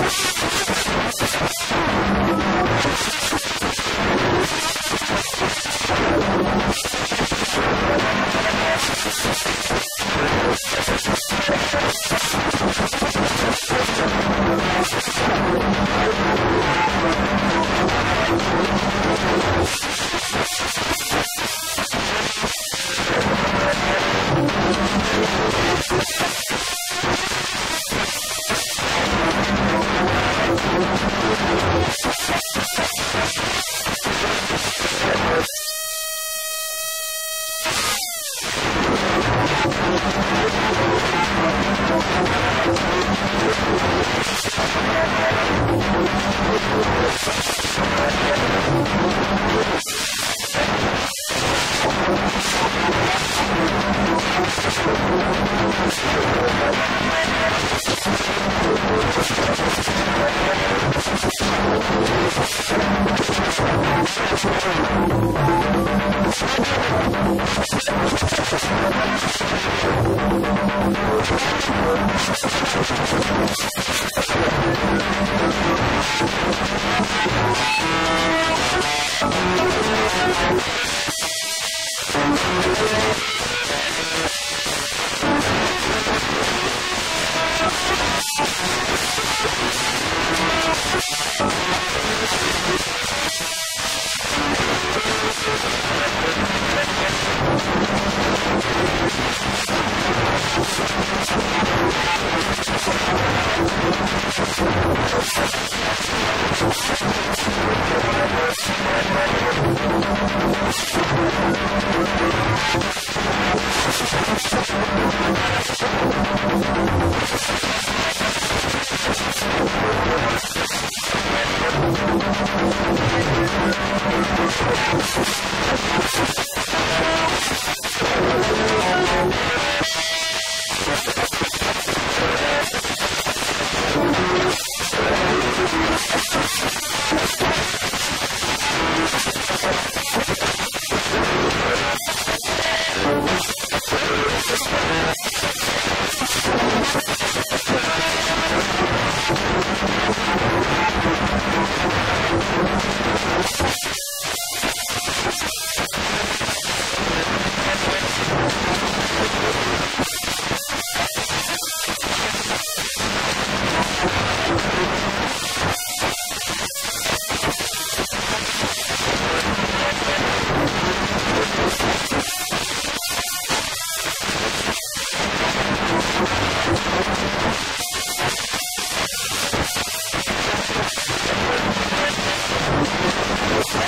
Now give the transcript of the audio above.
Thank you. I'm not going to do that. すいません。I'm Thank you.